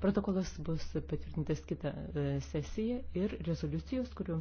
Protokolas bus patvirtintas kitą e, sesiją ir rezoliucijos, kuriuo